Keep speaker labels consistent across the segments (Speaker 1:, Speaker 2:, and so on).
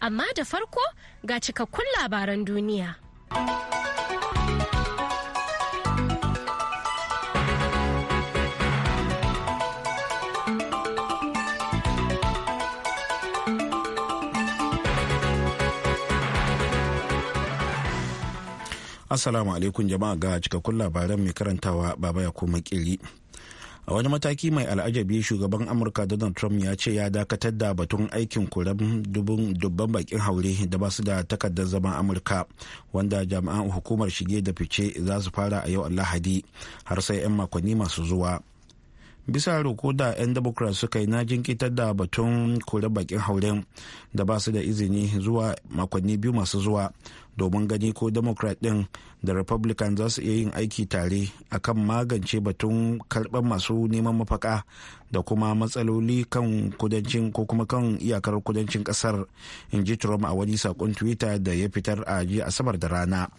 Speaker 1: amma da farko ga cikakkun labaran duniya.
Speaker 2: Assalamu alaikum jama'a ga cikakkun labaran mai karantawa baba ya koma kiri. a wani mataki mai al'ajabi shugaban amurka donald trump ya ce ya dakatar da batun aikin kuren dubban bakin haure da ba su da takardar zaman amurka wanda jami'an hukumar shige da fice za su fara a yau lahadi har sai 'yan makonni masu zuwa bisa roko da 'yan democrat suka yi na jinkitar da batun kore bakin hauren da ba su da izini zuwa makonni biyu masu zuwa domin gani ko democrat din da republican za su iya yin aiki tare akan magance batun karɓar masu neman mafaka da kuma matsaloli kan kudancin ko kuma kan iyakar kudancin kasar in ji trump a wani sakon twitter da ya fitar a jiya asabar da rana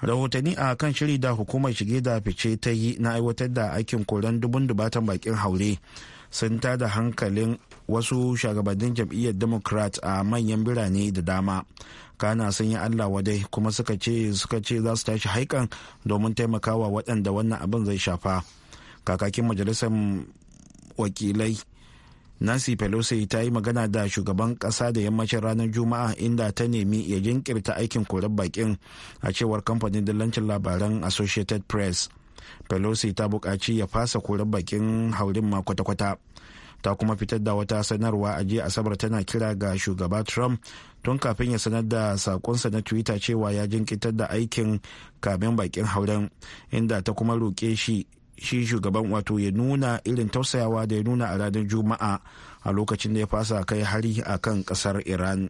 Speaker 2: rahotanni a kan shiri da hukumar shige da fice ta yi na aiwatar da aikin koran dubun dubatan bakin haure sun tada hankalin wasu shugabannin jam'iyyar democrat a manyan birane da dama kana sun yi allah wadai kuma suka ce suka ce za su tashi haikan domin taimakawa waɗanda wannan abin zai shafa kakakin majalisar wakilai Nancy Pelosi ta yi magana da shugaban ƙasa da yammacin ranar Juma'a inda ta nemi ya jinkirta aikin korar bakin a cewar kamfanin dillancin labaran Associated Press. Pelosi ta buƙaci ya fasa korar bakin haurin ma kwata-kwata. Ta kuma fitar da wata sanarwa a jiya Asabar tana kira ga shugaba Trump tun kafin ya sanar da sakonsa na Twitter cewa ya jinkitar da aikin kamin bakin hauren inda ta kuma roƙe shi shi shugaban wato ya nuna irin tausayawa da ya nuna a ranar juma'a a lokacin da ya fasa kai hari a kan kasar iran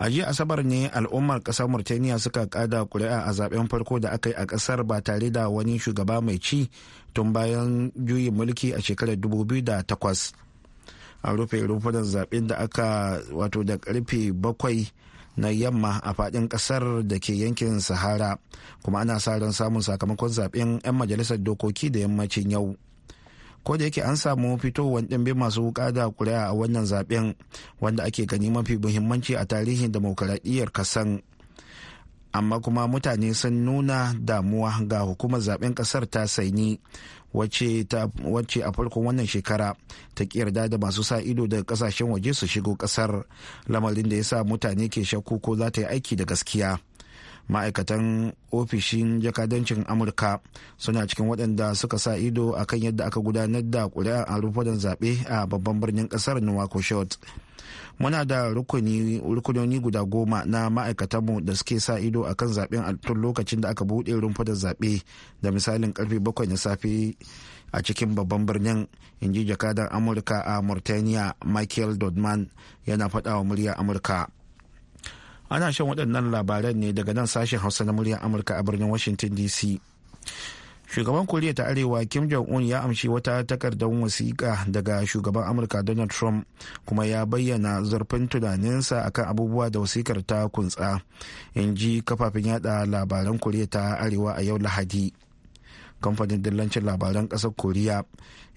Speaker 2: a jiya asabar ne al'ummar kasar murtaniya suka kada kuri'a a zaben farko da aka yi a kasar ba tare da wani shugaba mai ci tun bayan juyin mulki a shekarar 2008 a rufe rufunan zaben da aka wato da karfe bakwai na yamma a fadin kasar da ke yankin sahara kuma ana sa ran samun sakamakon zaben 'yan majalisar dokoki da yammacin yau ko da yake an samu fitowar dimbin masu wuka da kuri'a a wannan zaben wanda ake gani mafi muhimmanci a tarihin demokaradiyyar kasan amma kuma mutane sun nuna damuwa ga hukumar zaben kasar ta saini wacce a farkon wannan shekara ta yarda da masu sa ido daga kasashen waje su shigo kasar lamarin da ya sa mutane ke shakku ko za ta yi aiki da gaskiya ma'aikatan ofishin jakadancin amurka suna cikin waɗanda suka sa ido akan yadda aka gudanar da ƙuri'ar a rufe zaɓe a babban birnin ƙasar nuwakoshot. shot muna da rukunoni guda goma na ma'aikatanmu da suke sa ido a kan zaɓen a tun lokacin da aka buɗe rumfadar zaɓe da misalin karfe bakwai na safe a cikin babban birnin inji jakadan amurka a mauritania michael dodman yana faɗa wa murya amurka ana shan waɗannan labaran ne daga nan sashen hausa na muryar amurka a birnin washington dc shugaban koriya ta arewa kim jong-un ya amshi wata takardar wasiƙa daga shugaban amurka donald trump kuma ya bayyana zurfin tunaninsa akan abubuwa da wasiƙar ta kuntsa in ji kafafen yada labaran koriya ta arewa a yau lahadi kamfanin dillancin labaran ƙasar koriya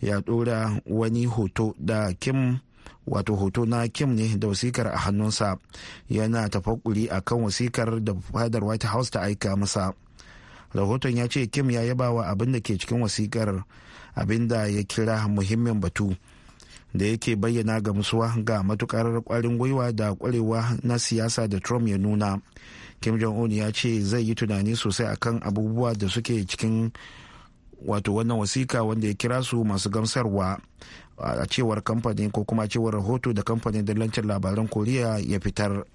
Speaker 2: ya ɗora wani hoto da kim wato hoto na kim ne da wasikar a hannunsa yana tafakuri akan wasikar da fadar white house ta aika masa rahoton ya ce kim ya yaba wa abin da ke cikin wasikar abin da ya kira muhimmin batu da yake bayyana ga musuwa ga matukar kwarin gwiwa da kwarewa na siyasa da trump ya nuna kim jong-un ya ce zai yi tunani sosai akan abubuwa da suke cikin wato wannan wasika wanda ya kira su masu gamsarwa a cewar kamfani ko kuma cewar rahoto da kamfanin dillancin labaran koriya ya fitar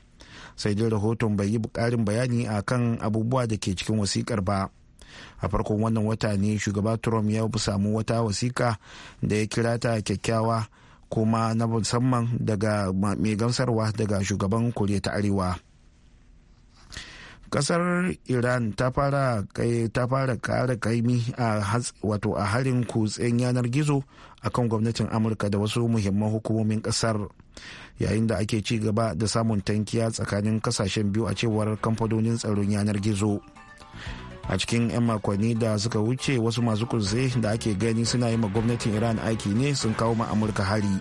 Speaker 2: sai dai rahoton bai yi ƙarin bayani a kan abubuwa da ke cikin wasikar ba a farkon wannan wata ne shugaba trump ya samu wata wasika da ya kira ta kyakkyawa kuma na musamman daga mai gamsarwa daga shugaban koriya ta arewa kasar iran ta fara kare kaimi a wato a harin kutsen yanar gizo akan gwamnatin amurka da wasu muhimman hukumomin kasar yayin da ake ci gaba da samun tankiya tsakanin kasashen biyu a cewar kamfanonin tsaron yanar gizo a cikin 'yan makonni da suka wuce wasu masu kutse da ake gani suna yi ma gwamnatin iran aiki ne sun kawo ma amurka hari.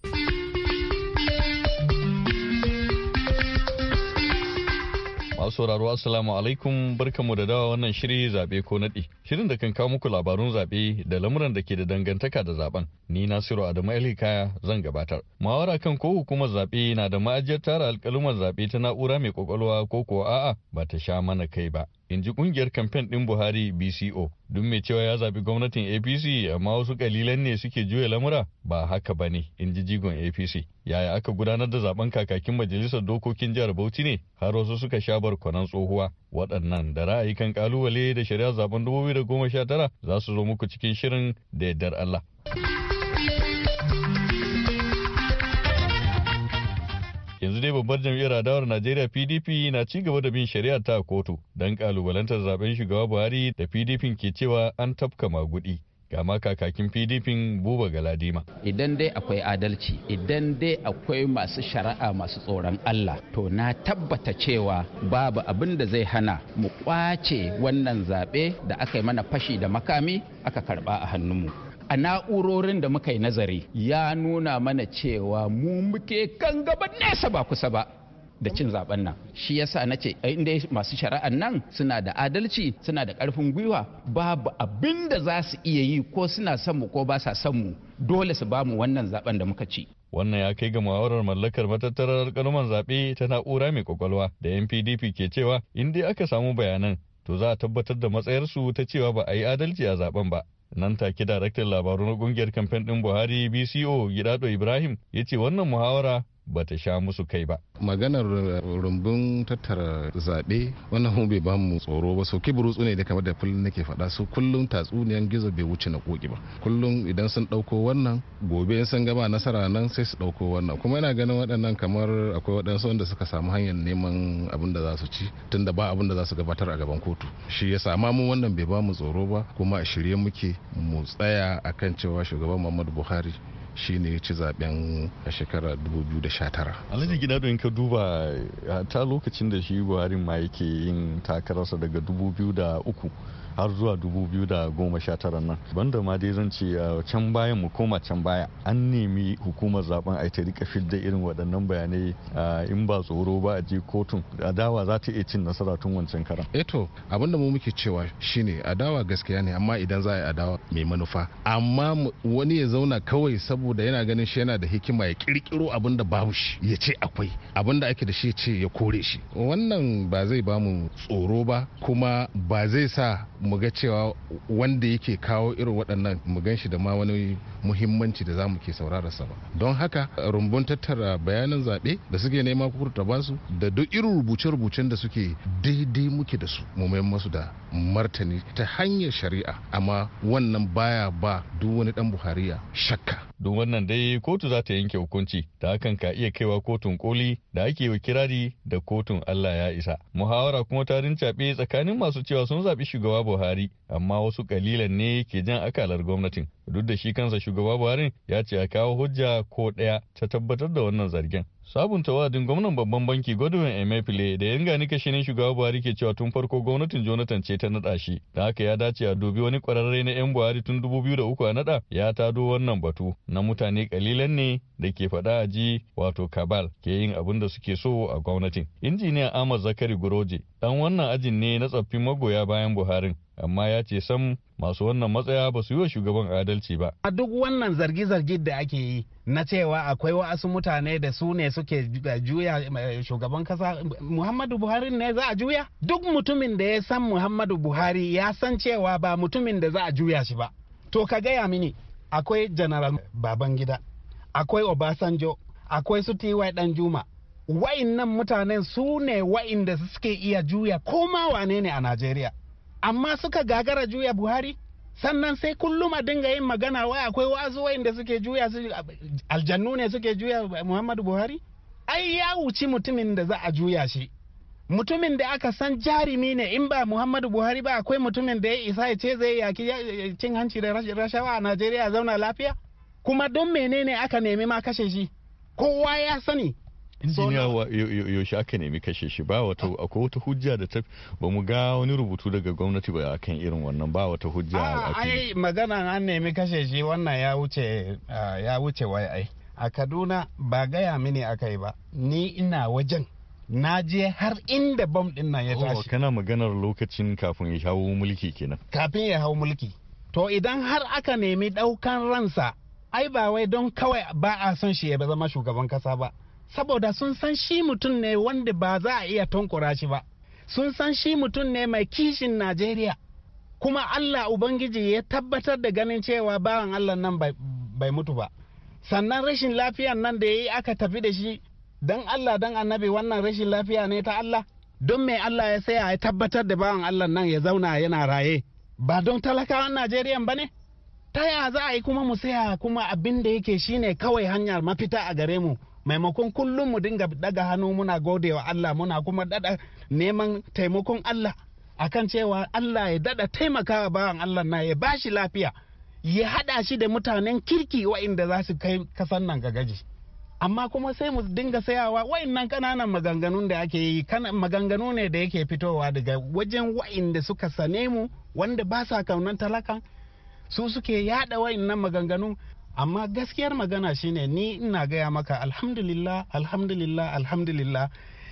Speaker 3: masu sauraro assalamu alaikum barkamu da dawa wannan shiri zabe ko nadi shirin da kan kawo muku labarun zabe da lamuran da ke da dangantaka da zaben ni Nasiru Adamu Elhikaya zan gabatar mawara kan ko hukumar zabe na da ma'ajiyar tara alkalumar zabe ta na'ura mai kwakwalwa ko ko a'a ba ta sha mana kai ba in ji kungiyar kamfen din Buhari BCO. Duk mai cewa ya zaɓi gwamnatin APC amma wasu kalilan ne suke juya lamura ba haka ba ne, in ji jigon APC. Yaya aka gudanar da zaben kakakin majalisar dokokin jihar Bauchi ne har wasu suka sha barkwanan tsohuwa. Waɗannan da ra'ayi kan kalubale da shari'ar zaben tara za su zo muku cikin shirin da yardar Allah. yanzu dai babbar jam'iyyar adawar najeriya pdp na ci gaba da bin shari'a ta a kotu don kalubalantar zaben shugaba buhari da pdp ke cewa an tafka magudi ga ma kakakin pdp buba galadima idan dai akwai adalci idan dai
Speaker 4: akwai masu shari'a masu tsoron allah to na tabbata cewa babu abin da zai hana mu kwace wannan zaɓe da aka yi mana fashi da makami aka karba a hannunmu a na'urorin da muka yi nazari ya nuna mana cewa mu muke kan gaban nesa ba kusa ba da cin zaben nan shi yasa na ce inda masu shari'an nan suna da adalci suna da karfin gwiwa babu abin da za su iya yi
Speaker 3: ko suna son mu ko ba sa son mu
Speaker 4: dole su bamu wannan zaben da muka ci
Speaker 3: wannan ya kai ga muhawarar mallakar matattarar kalman zaɓe ta na'ura mai kwakwalwa da npdp ke cewa in dai aka samu bayanan to za a tabbatar da matsayarsu ta cewa ba a yi adalci a zaben ba nan take daraktan labaru na kungiyar kamfen din buhari bco gidado ibrahim ya ce wannan muhawara ba ta sha musu kai ba.
Speaker 5: Maganar eh, rumbun tattara zaɓe wannan bai ba mu tsoro ba so burutsu ne da kamar da kullum nake faɗa su kullum tatsuniyan gizo bai wuce na koki ba. Kullum idan sun ɗauko wannan gobe in sun gaba nasara nan sai su ɗauko wannan kuma yana ganin waɗannan kamar akwai waɗansu wanda suka samu hanyar neman abin da za su ci tunda ba abin da za su gabatar a gaban kotu. Shi ya sa mu wannan bai ba mu tsoro ba kuma a shirye muke mu tsaya a kan cewa shugaban Muhammadu Buhari shine ya ci zaben a shekarar 2019
Speaker 3: alhaji gida don ka duba ta lokacin da shi buhari ma yake yin takararsa daga 2003 har zuwa 2019 nan banda ma dai zan ce uh, can bayan mu koma can baya an nemi hukumar zaben a ta rika fidda irin waɗannan bayanai uh, in ba tsoro ba a je kotun adawa za ta iya cin nasara tun
Speaker 5: wancan karan eto eh abinda mu muke cewa shine adawa gaskiya ne amma idan za a yi adawa mai manufa amma wani ya zauna kawai saboda yana ganin shi yana da hikima ya kirkiro abin da babu shi ya ce akwai abin da ake da shi ya ce ya kore shi wannan ba zai bamu tsoro ba kuma ba zai sa mu ga cewa wanda yake kawo irin waɗannan mu gan shi da ma wani muhimmanci da zamu ke saurararsa ba don haka rumbun tattara bayanan zaɓe da suke nema kurta ba su da duk irin rubuce-rubucen da suke daidai muke da su mu mayan masu da martani ta hanyar shari'a amma wannan baya
Speaker 3: ba duk wani dan buhariya shakka Don wannan dai kotu za ta yanke hukunci da hakan ka iya kaiwa kotun koli da ake wa kirari da kotun Allah ya isa. Muhawara kuma ta rincaɓe tsakanin masu cewa sun zaɓi shugaba Buhari amma wasu ƙalilan ne ke jan akalar gwamnatin. duk da shi kansa shugaba buhari ya ce a kawo hujja ko ɗaya ta tabbatar da wannan zargin sabunta wa'adin gwamnan babban banki godwin emefile da yanga ni kashe ne shugaba buhari ke cewa tun farko gwamnatin jonathan ce ta naɗa shi da haka ya dace a dubi wani kwararre na yan buhari tun da uku a naɗa ya tado wannan batu na mutane kalilan ne da ke faɗa a ji wato kabal ke yin abin da suke so a gwamnatin injiniya ahmad zakari guroje dan wannan ajin ne na tsoffin magoya bayan buharin amma ya ce sam masu wannan matsaya ba su yi wa shugaban adalci ba
Speaker 4: a duk wannan zargi-zargi da ake yi na cewa akwai wa'asu mutane da su ne suke juya eh, shugaban kasa muhammadu buhari ne za a juya duk mutumin da ya san muhammadu buhari ya san cewa ba mutumin da za a juya shi ba to ka gaya mini akwai general babangida akwai obasanjo akwai su ty dan juma wa'innan mutanen su ne wa'inda suke iya juya koma wane ne a Najeriya. Amma suka gagara juya Buhari, sannan sai kullum a dinga yin magana wai akwai wasu wa'inda suke juya su aljannu ne suke juya Muhammadu Buhari? Ai ya wuci mutumin da za a juya shi. Mutumin da aka san jarumi ne in ba Muhammadu Buhari ba akwai mutumin da ya isa ya ce zai yaki cin hanci da rashawa a Najeriya zauna lafiya? Kuma don menene aka nemi ma kashe shi? Kowa ya sani
Speaker 3: injiniya yaushe aka nemi kashe shi ba wata akwai wata hujja da ta ba mu ga wani rubutu daga gwamnati ba akan irin wannan ba wata hujja ah, a ai
Speaker 4: magana an nemi kashe shi wannan ya wuce ah, ya wai ai a Kaduna ba gaya mini akai ba ni ina wajen na je har inda bom din nan ya tashi oh,
Speaker 3: kana maganar lokacin kafin ya hawo mulki kenan
Speaker 4: kafin ya hau mulki to idan har aka nemi daukan ransa ai ba wai don kawai ba a son shi ya zama shugaban kasa ba saboda sun san shi mutum ne wanda ba za a iya tonkura shi ba sun san shi mutum ne mai kishin najeriya kuma allah ubangiji ya tabbatar da ganin cewa bawan allah nan bai mutu ba sannan rashin lafiyan nan da ya yi aka tafi da shi don allah don annabi wannan rashin lafiya ne ta allah don mai allah ya saya ya tabbatar da bawan allah nan ya zauna yana raye ba don talakawan najeriya ba ne ta ya za a yi kuma mu saya kuma abin da yake shine kawai hanyar mafita a gare mu maimakon kullum mu dinga daga hannu muna gode wa Allah muna kuma dada neman taimakon Allah akan cewa Allah ya dada taimakawa bawan Allah na ya bashi lafiya ya hada shi da mutanen kirki wa'inda za su kai kasan nan gaji amma kuma sai mu dinga sayawa wa'innan kananan maganganun da ake yi maganganu ne da yake fitowa daga wajen wa'inda suka sane mu wanda ba sa kaunan talakan su suke yada wa'innan maganganu amma gaskiyar magana shine ni ina gaya maka alhamdulillah alhamdulillah alhamdulillah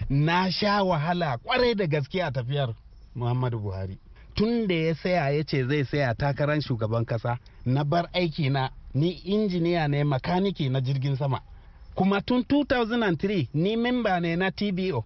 Speaker 4: na sha wahala kwarai da gaskiya tafiyar muhammadu buhari tun da ya saya ya ce zai saya takarar shugaban kasa na bar aiki na ni injiniya ne makaniki na jirgin sama kuma tun 2003 ni memba ne na tbo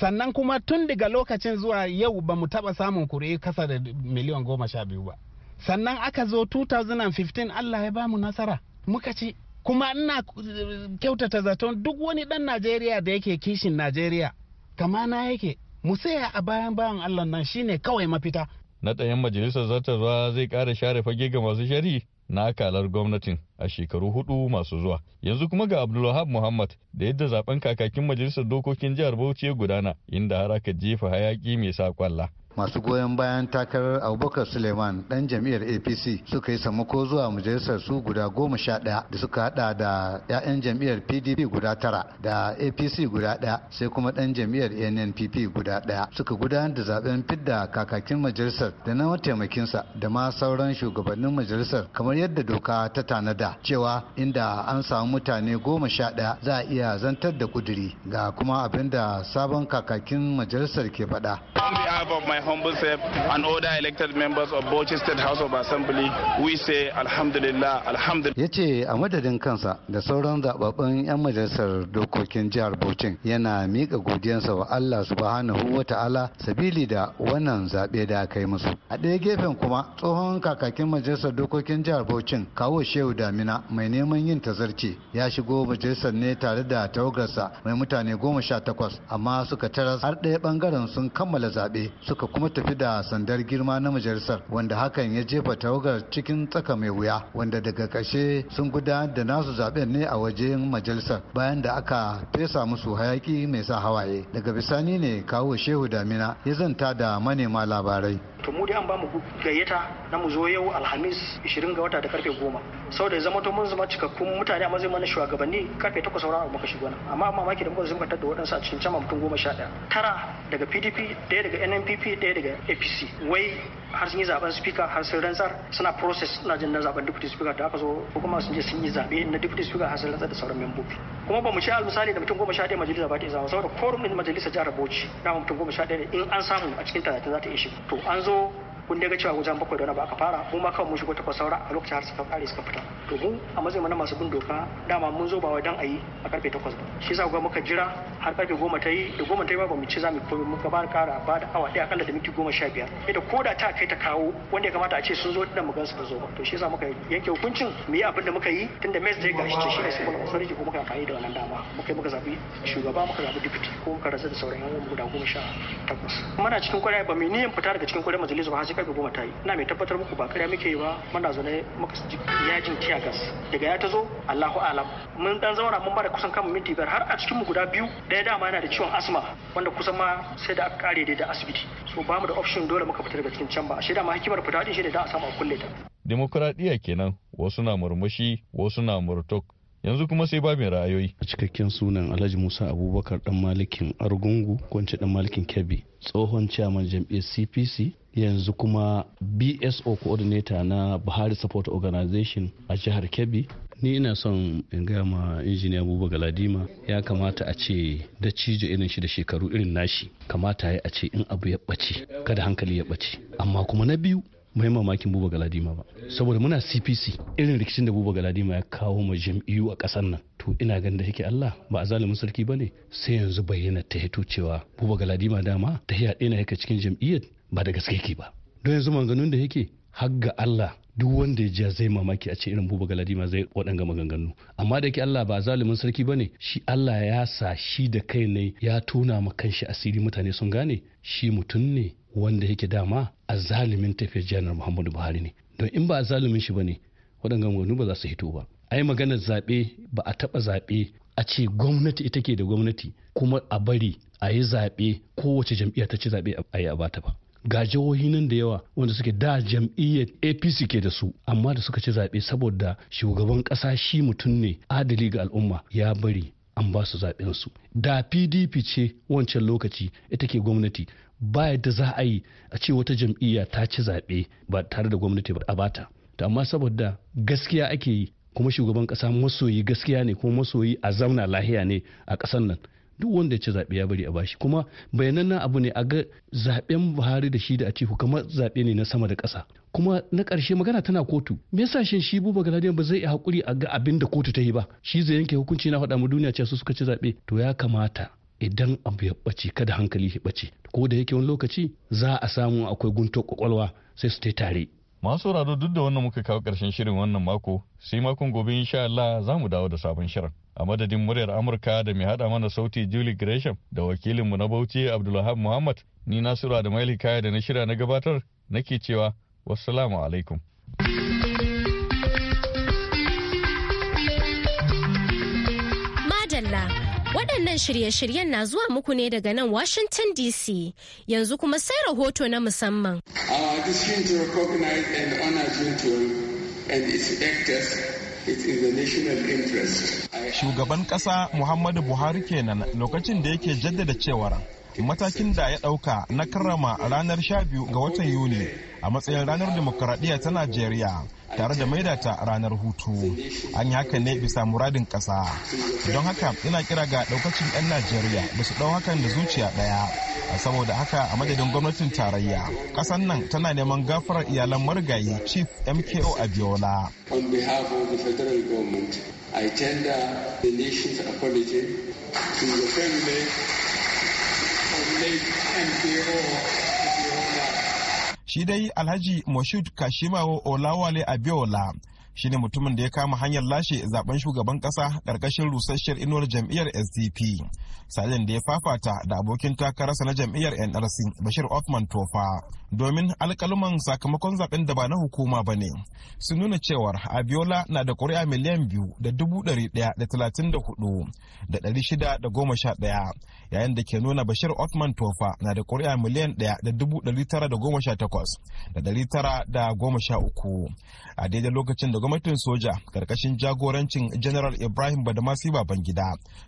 Speaker 4: sannan kuma tun daga lokacin zuwa yau ba mu taba samun kuri kasa da miliyan goma sha biyu ba sannan aka zo 2015 allah ya bamu nasara muka ci kuma ina eh, kyautata zaton duk wani dan najeriya da yake kishin najeriya kama na yake mu saya a bayan bayan allah nan shine kawai mafita
Speaker 3: na ɗayan majalisar zartarwa zai ƙara share fage ga masu shari na kalar gwamnatin a shekaru hudu masu zuwa yanzu kuma ga abdulwahab muhammad da yadda zaben kakakin majalisar dokokin jihar bauchi ya gudana inda har aka jefa hayaki mai sa kwalla
Speaker 6: masu goyon bayan takarar abubakar suleiman dan jam'iyyar apc suka yi samako zuwa majalisar su guda goma sha ɗaya da suka hada da 'ya'yan jam'iyyar pdp guda tara da apc guda ɗaya sai kuma dan jam'iyyar nnpp guda ɗaya suka gudanar da zaben fidda kakakin majalisar da na mataimakinsa da ma sauran shugabannin majalisar kamar yadda doka ta tanada cewa inda an samu mutane goma sha ɗaya za a iya zantar da kuduri ga kuma abinda sabon kakakin majalisar ke faɗa.
Speaker 7: humble self and other elected members of Bauchi State House of Assembly, we say
Speaker 5: alhamdulillah,
Speaker 6: alhamdulillah. Ya ce a madadin kansa da sauran zababben 'yan majalisar dokokin jihar Bauchi yana miƙa godiyansa wa Allah subhanahu wa ta'ala sabili da wannan zaɓe da aka yi musu. A ɗaya gefen kuma tsohon kakakin majalisar dokokin jihar Bauchi, kawo Shehu Damina mai neman yin tazarci ya shigo majalisar ne tare da tawagarsa mai mutane goma sha takwas amma suka taras har ɗaya ɓangaren sun kammala zaɓe suka kuma tafi da sandar girma na majalisar wanda hakan ya jefa tawagar cikin tsaka mai wuya wanda daga ƙarshe sun gudanar da nasu zaben ne a wajen majalisar bayan da aka fesa musu hayaki mai sa hawaye daga bisani ne kawo shehu damina ya zanta da manema labarai
Speaker 8: to mu dai an bamu gayyata na mu zo yau alhamis 20 ga wata da karfe 10 saboda zama to mun zama cikakkun mutane a matsayin mana shugabanni karfe 8 sauran abu muka shigo nan amma mamaki da muka zama da waɗansu a cikin can mutum 11 tara daga pdp ɗaya daga nnpp ɗaya daga apc wai har sun yi zaben speaker har sun rantsar suna process na jin na zaben deputy speaker da aka zo ko kuma sun je sun yi zabe na deputy speaker har sun rantsar da sauran membobi kuma ba mu ci misali da mutum goma sha ɗaya majalisa ba ta zama saboda quorum din majalisa jihar Bauchi na mutum goma sha ɗaya in an samu a cikin talatin za ta iya shiga to an zo kun daga cewa wajen bakwai da wani ba aka fara mu ma kawai mun shigo takwas saura a lokacin har suka kare suka fita to mu a matsayin na masu bin doka dama mun zo ba wai dan a yi a karfe takwas ba shi yasa ga muka jira har karfe goma ta yi da goma ta yi ba mu ci za mu koyo mun gabar kara ba da awa ɗaya akalla da minti goma sha biyar da ko da ta kai ta kawo wanda ya kamata a ce sun zo da mu gansu da zo ba to shi yasa muka yanke hukuncin mu yi abin da muka yi tunda mes da ya gashi ce shi ne sai kuma sarki ko muka amfani da wannan dama muka muka zabi shugaba muka zabi deputy ko muka rasa da sauran yawon guda goma sha takwas muna cikin kwarai ba yi niyan fita daga cikin kwarai majalisa ba har sai karfe goma ta yi ina mai tabbatar muku ba kariya muke yi ba muna zaune muka yajin tiya gas daga ya ta zo Allahu alam mun dan zauna mun bada kusan kan minti biyar har a cikin mu guda biyu da ɗaya dama yana da ciwon asma wanda kusan ma sai da aka kare da asibiti so ba mu da option dole muka fita daga cikin can ba ashe ma hikimar fita din shine da a samu a kulle ta
Speaker 3: demokuraɗiyya kenan wasu na murmushi wasu na murtok yanzu kuma sai babu ra'ayoyi a cikakken sunan
Speaker 9: alhaji musa abubakar dan malikin argungu kwanci dan malikin kebbi tsohon chairman jam'iyyar cpc yanzu kuma bso coordinator na buhari support organization a jihar kebbi ni ina son in gaya ma injiniya buba galadima ya kamata a ce da cijo irin shi da shekaru irin nashi kamata ya a ce in abu ya ɓace kada hankali ya ɓace amma kuma na biyu mai mamakin buba galadima ba saboda muna cpc irin rikicin da buba galadima ya kawo ma jam'iyyu a ƙasar nan to ina ganin da yake allah ba a zalimin sarki ba ne sai yanzu bayyana ta hito cewa buba galadima dama ta hiya ɗaya na cikin jam'iyyar ba da gaske ke ba don yanzu manganun da yake har ga allah duk wanda ya ja zai mamaki a ce irin buba ma zai waɗanga maganganu amma da ke Allah ba zalimin sarki ba ne shi Allah ya sa shi da kai ne ya tona ma kanshi asiri mutane sun gane shi mutum ne wanda yake dama a zalimin tafiyar janar Muhammadu Buhari ne don in ba a zalimin shi ba ne waɗanga maganganu ba za su hito ba ai maganar zaɓe ba a taɓa zaɓe a ce gwamnati ita ke da gwamnati kuma a bari a yi zaɓe kowace jam'iyya ta ci zaɓe a yi a bata ba ga jihohi nan da yawa wanda suke da jam'iyyar apc ke da su amma da suka ci zaɓe saboda shugaban ƙasa shi mutum ne adali ga al'umma ya bari an ba su zaɓensu da pdp ce wancan lokaci ita ke gwamnati ba yadda za a yi a ce wata jam'iyya ta ci zaɓe ba tare da gwamnati ba a bata amma saboda gaskiya ake yi kuma shugaban ƙasa masoyi gaskiya ne kuma masoyi a zauna lahiya ne a ƙasar nan duk wanda ya ci zaɓe ya bari a bashi kuma bayanan abu ne a ga zaɓen buhari da shi da a cihu kamar zaɓe ne na sama da ƙasa kuma na ƙarshe magana tana kotu me yasa shin shi buba galadiyan ba zai yi hakuri a ga abin da kotu ta yi ba shi zai yanke hukunci na faɗa mu duniya ce su suka ci zaɓe to ya kamata idan abu ya ɓace kada hankali ya ɓace ko da yake wani lokaci za a samu akwai guntun kwakwalwa sai su tare
Speaker 3: Masu sauraro duk da wannan muka kawo ƙarshen shirin wannan mako sai makon gobe insha Allah za mu dawo da sabon shirin. A madadin muryar Amurka da mai haɗa mana sauti Julie Gresham da wakilinmu na Bauchi Abdulwahab Muhammad ni Nasiru da mailika da na shirya na gabatar nake cewa wassalamu alaikum.
Speaker 1: Waɗannan shirye-shiryen na zuwa muku ne daga nan Washington DC yanzu kuma sai rahoto na musamman.
Speaker 10: Our decision to recognize and honor Junto and
Speaker 9: its actors
Speaker 7: Shugaban ƙasa Muhammadu Buhari kenan lokacin da yake jaddada cewar matakin da ya ɗauka na karrama ranar 12 ga watan Yuni a matsayin ranar demokuraɗiyya ta Najeriya tare da maida ta ranar hutu. An yi haka ne bisa muradin ƙasa. Don haka ina kira ga ɗaukacin 'yan Najeriya da su ɗau hakan da zuciya ɗaya. saboda haka a madadin gwamnatin tarayya kasan nan tana neman gafarar iyalan marigayi chief mko abiola shi dai alhaji moshud kashimawo olawale abiola shine mutumin da ya kama hanyar lashe zaben shugaban kasa karkashin rusasshiyar inuwar jam'iyyar sdp salin da ya fafata da abokin takararsa na jam'iyyar nrc bashir othman tofa domin alkaluman sakamakon zaben da ba na hukuma ba ne su nuna cewar abiola na da kuri'a miliyan biyu da dubu ɗari ɗaya da talatin da hudu da ɗari shida da goma sha ɗaya yayin da ke nuna bashir othman tofa na da kuri'a miliyan ɗaya da dubu ɗari tara da goma sha takwas da ɗari tara da goma sha uku a daidai lokacin da gwamnatin soja karkashin jagorancin General Ibrahim Badamasi Babangida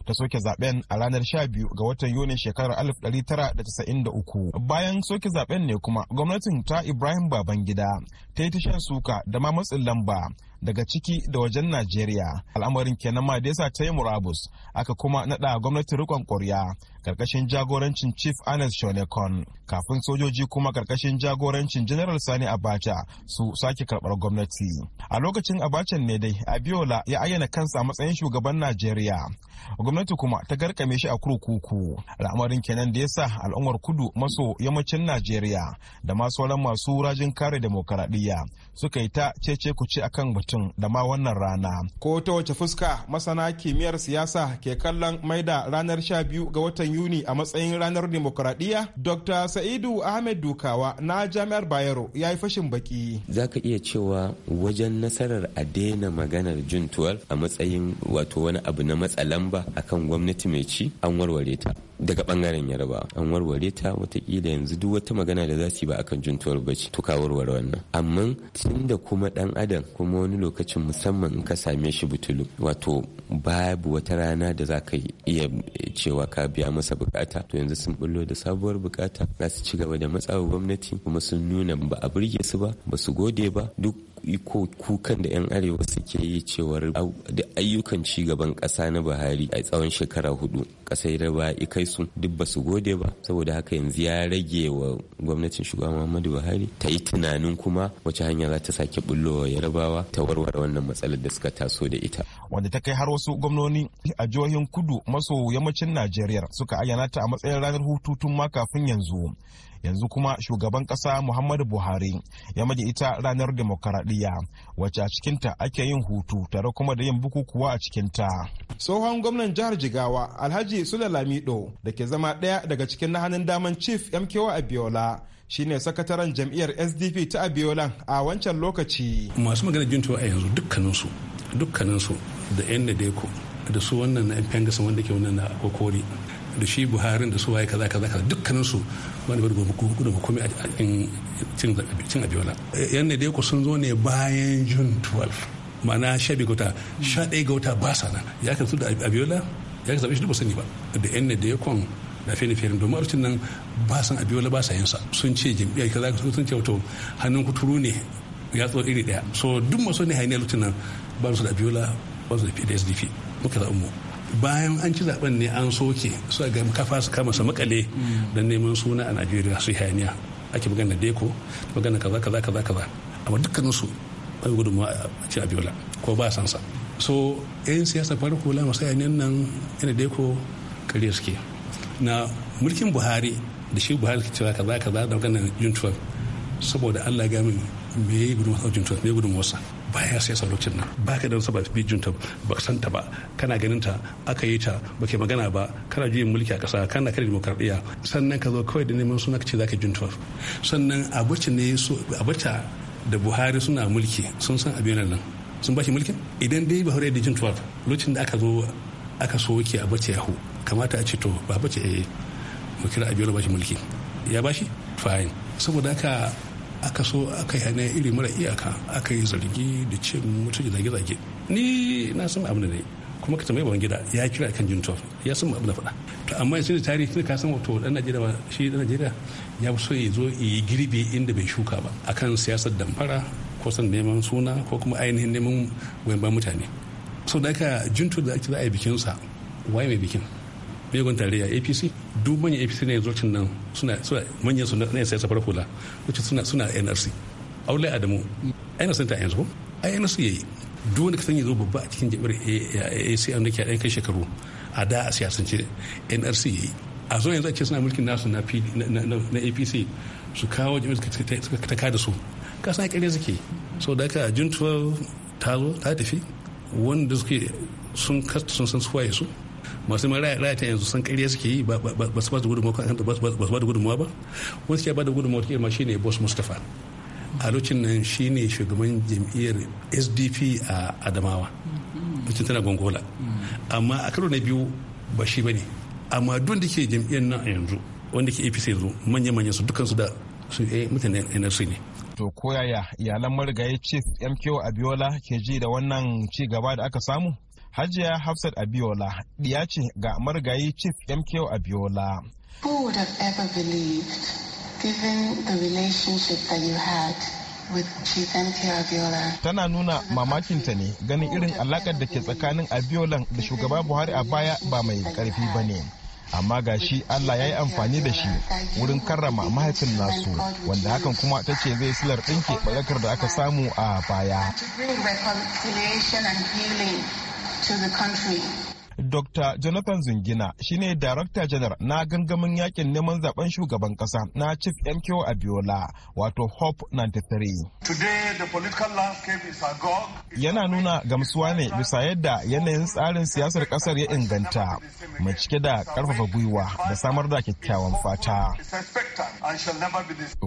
Speaker 7: ta soke zaben a ranar 12 ga watan Yunin shekarar 1993. Bayan soke zaben ne kuma gwamnatin ta Ibrahim Babangida ta yi tashar suka da ma matsin lamba daga ciki da wajen Najeriya. Al'amarin kenan ma da yasa ta yi murabus aka kuma naɗa gwamnatin rikon ƙwarya karkashin jagorancin Chief Anas Shonekon kafin sojoji kuma karkashin jagorancin General Sani Abacha su sake karɓar gwamnati. A lokacin Abacha ne dai Abiola ya ayyana kansa matsayin shugaban Najeriya. Gwamnati kuma ta garkame shi a kurkuku. Al'amarin kenan da yasa al'ummar kudu maso yammacin Najeriya da ma sauran masu rajin kare demokaradiyya suka yi ta cece kuce akan batun da ma wannan rana. Ko ta wace fuska masana kimiyyar siyasa ke kallon maida ranar 12 ga watan Yuni a matsayin ranar demokuraɗiyya? Dr. Sa'idu Ahmed Dukawa na Jami'ar Bayero ya yi fashin baki.
Speaker 11: Za ka iya cewa wajen nasarar a daina maganar Jun 12 a matsayin wato wani abu na matsa lamba akan gwamnati mai ci an warware ta. daga bangaren yarba an warware ta watakila yanzu duk wata magana da za su yi ba akan juntuwar bacci to ka warware wannan amma tunda kuma dan adam kuma wani lokacin musamman in ka same shi butulu wato babu wata rana da za ka iya cewa ka biya masa bukata to yanzu sun bullo da sabuwar bukata za su ci gaba da matsawa gwamnati kuma sun nuna ba a burge su ba ba su gode ba duk iko kukan da 'yan arewa suke yi cewar da ayyukan ci gaban ƙasa na buhari a tsawon shekara hudu ƙasai da ba kai su duk ba su gode ba saboda haka yanzu ya rage wa gwamnatin shugaban muhammadu buhari ta yi tunanin kuma wace hanya za ta sake bullowa yarabawa ta warware wannan matsalar da suka taso da ita
Speaker 7: wanda ta kai har wasu gwamnoni a jihohin kudu maso yammacin najeriya suka ayyana ta a matsayin ranar hutu tun ma kafin yanzu yanzu kuma shugaban kasa muhammadu buhari ya maji ita ranar demokaradiyya wacce a cikinta ake yin hutu tare kuma da yin bukukuwa a cikinta tsohon gwamnan jihar jigawa alhaji sule lamido da ke zama ɗaya daga cikin na hannun daman chief mkewa abiola shine sakataren jam'iyyar sdp ta Abiola a wancan lokaci
Speaker 10: masu magana jintuwa a yanzu dukkaninsu dukkaninsu da yan da da su wannan na yan fengasa wanda ke wannan na kokori da shi buharin da su waye kaza kaza kaza dukkanin su wani bar gobe da ba komai a cin abiola yan ne dai ku sun zo ne bayan june 12 ma'ana shabi gota sha ɗaya gauta ba sa nan ya kan su da abiola ya kan zaɓe shi duk ba sani ba da yan ne da ya kon da fene fere domin arcin nan ba san abiola ba sa yin sa sun ce jam'iyyar kaza sun ce wato hannun kuturu ne ya tso iri ɗaya so duk maso ne hanyar lokacin nan ba su da abiola ba su da pdsdp muka zaɓi mu bayan an ci zaben ne an soke su ga kafa su kama su makale don neman suna a najeriya su hayaniya ake magana deko magana kaza kaza kaza kaza amma dukkanin su bai gudunmu a ci abiola ko ba san sa so yan siyasa farko la masu hayaniyan nan yana deko kare suke na mulkin buhari da shi buhari ke cewa kaza kaza da maganar Juntuwar saboda allah ya gami me ya yi gudunmu me gudunmu wasa baya siyasa lokacin nan ba ka dan saba ba bijin ba san ta ba kana ganin ta aka yi ta ba ke magana ba kana juyin mulki a kasa kana kare demokradiya sannan ka zo kawai da neman suna ce za ka tuwar sannan abuci ne abuta da buhari suna mulki sun san abin nan sun ba shi mulkin idan dai buhari da jin tuwar lokacin da aka zo aka soke bace yahu kamata a ce to ba bace eh mu kira abin ba shi mulki ya ba shi fine saboda haka aka so aka yi hana iri mara iyaka aka yi zargi da cin mutum zage-zage ni na san abin da ne kuma ka tambayi baban gida ya kira kan jin tof ya san abin da faɗa to amma yanzu da tarihi tun ka san wato dan Najeriya ba shi dan Najeriya ya so ya zo yi girbi inda bai shuka ba akan siyasar damfara ko san neman suna ko kuma ainihin neman wayan mutane so da aka junto da ake za a yi bikinsa waye mai bikin begon tarayya apc duk manyan apc na yanzu nan suna manyan su na sai safar hula wacce suna suna nrc aulai adamu nrc ta yanzu ko. ai ya yayi duk wanda ka sanya zo babba a cikin jami'ar acm da ke a kai shekaru a da a siyasance nrc yayi a zo yanzu a ce suna mulkin nasu na apc su kawo jami'ar ta kada su ka san kare suke so da haka juntuwa ta zo ta tafi wanda suke sun kasta sun san suwaye su masu mai rayata yanzu san ƙarya suke yi ba su ba da gudunmawa ba wani suke ba da gudunmawa ta ma shine boss mustapha a lokacin nan shine shugaban jam'iyyar sdp a adamawa mutum tana gongola amma a karo na biyu ba shi ba ne amma duk da ke jam'iyyar nan a yanzu wanda ke apc yanzu manya-manya su dukansu da su eh, mutanen nrc ne
Speaker 7: to koyaya iyalan marigayi chief mko abiola ke ji da wannan ci gaba da aka samu Hajiya Hafsat Abiola ya ce ga marigayi Chief MKO Abiola.
Speaker 4: Who would have ever believed, given the relationship that you had
Speaker 7: Tana nuna mamakinta ne ganin irin alakar da ke tsakanin Abiolan da shugaba Buhari a baya ba mai karfi ba ne. Amma ga shi Allah ya yi amfani da shi wurin karrama mahaifin nasu
Speaker 8: wanda hakan kuma
Speaker 7: ta ce zai silar ɗinke ɓalakar da aka samu a baya.
Speaker 4: to the country.
Speaker 7: Dr. Jonathan Zungina shine Darakta Janar na gangamin yakin neman zaben shugaban kasa na Chief MKO Abiola wato Hope 93. Yana nuna gamsuwa ne bisa yadda yanayin tsarin siyasar kasar ya inganta mai cike da karfafa gwiwa da samar da kyakkyawan fata.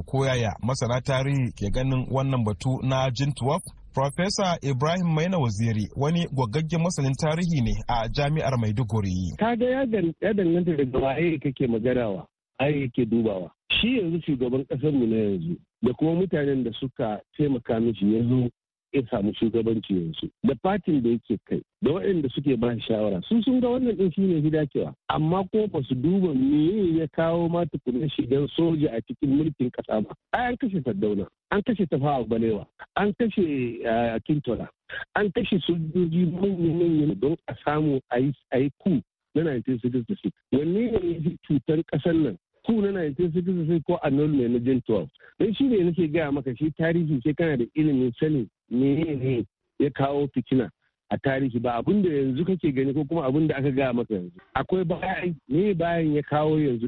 Speaker 7: Koyaya masana tarihi ke ganin wannan batu na Jintuwaf Profesa Ibrahim Maina Waziri wani gwaggaggen masanin tarihi ne a jami'ar Maiduguri.
Speaker 12: Ta ga ya danganta daga waye kake magarawa, ai yake dubawa. Shi yanzu shugaban mu na yanzu da kuma mutanen da suka taimaka mishi ya ya samu shugabanci yanzu da fatin da yake kai da waɗanda suke ba shawara Sun sun ga wannan ɗin shine gida dacewa amma ko ba su duba me ya kawo ma tukunan shigan soja a cikin mulkin ƙasa ba ai an kashe saddauna an kashe tafawa balewa an kashe eh, kintola an kashe sojoji manya-manya don a samu a yi ku na 1966 wanne ne ya fi cutar kasar nan ku na 1966 ko annulment na gen 12 don shi ne nake gaya maka shi tarihi sai kana da ilimin sanin ne ya kawo fitina a tarihi ba abin da yanzu kake gani ko kuma abin da aka gaya maka yanzu akwai bayan ne bayan ya kawo yanzu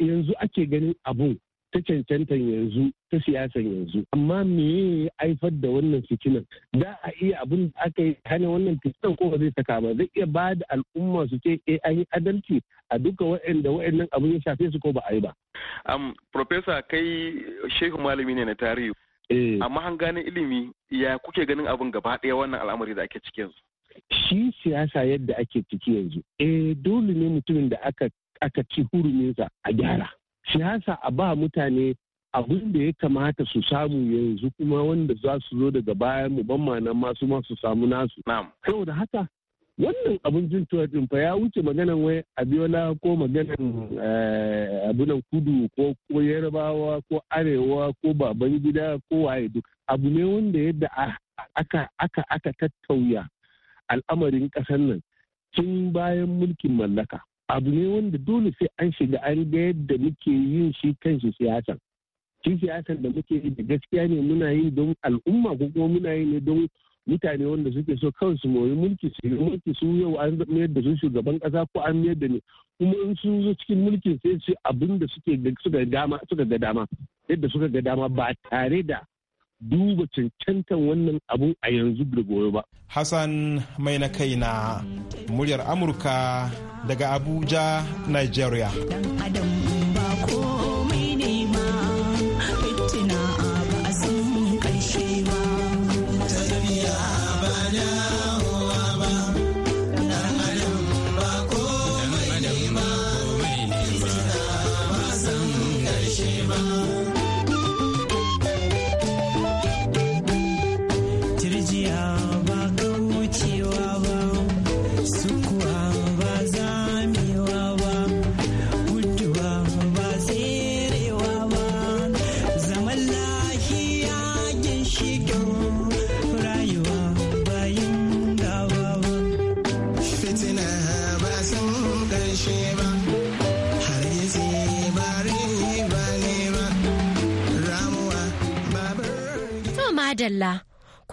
Speaker 12: yanzu ake ganin abun ta cancantan yanzu ta siyasan yanzu amma me ya haifar da wannan fitinan da a iya abin da aka yi hana wannan fitinan ko ba zai saka ba zai iya ba da al'umma su ce eh an yi adalci a duka wa'anda wa'annan abin ya shafe su ko ba a yi ba.
Speaker 7: Um, Profesa kai shehu malami ne na tarihi. Eh. Amma gane ilimi ya kuke ganin abin gaba ɗaya wannan al'amari da ake cikin yanzu.
Speaker 12: Shi siyasa yadda ake ciki yanzu. Eh dole ne mutumin da aka aka ci huruminsa a gyara. siyasa a ba mutane abin da ya kamata su samu yanzu kuma wanda za su zo daga baya mu ban ma'ana masu masu samu nasu. Saboda haka wannan abin jin din fa ya wuce maganan wai abiola ko maganan eh, abunan kudu ko ko yarbawa ko arewa ko baban gida ko waye duk abu ne wanda yadda aka aka aka tattauya al'amarin ƙasar nan tun bayan mulkin mallaka abu ne wanda dole sai an shiga an ga yadda muke yin shi kan shi siyasar shi siyasar da muke yi da gaskiya ne muna yi don al'umma ko kuma muna yi ne don mutane wanda suke so kawai su moyi mulki su yi mulki su yau an mayar da su shugaban kasa ko an mayar da ne kuma in sun zo cikin mulkin sai su abin suke suka ga dama yadda suka ga dama ba tare da duba cancantan wannan abun a yanzu da goyo
Speaker 7: ba. Hassan mai na kai na muryar Amurka daga Abuja, Nigeria.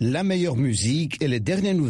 Speaker 6: la meilleure musique et les dernières nouvelles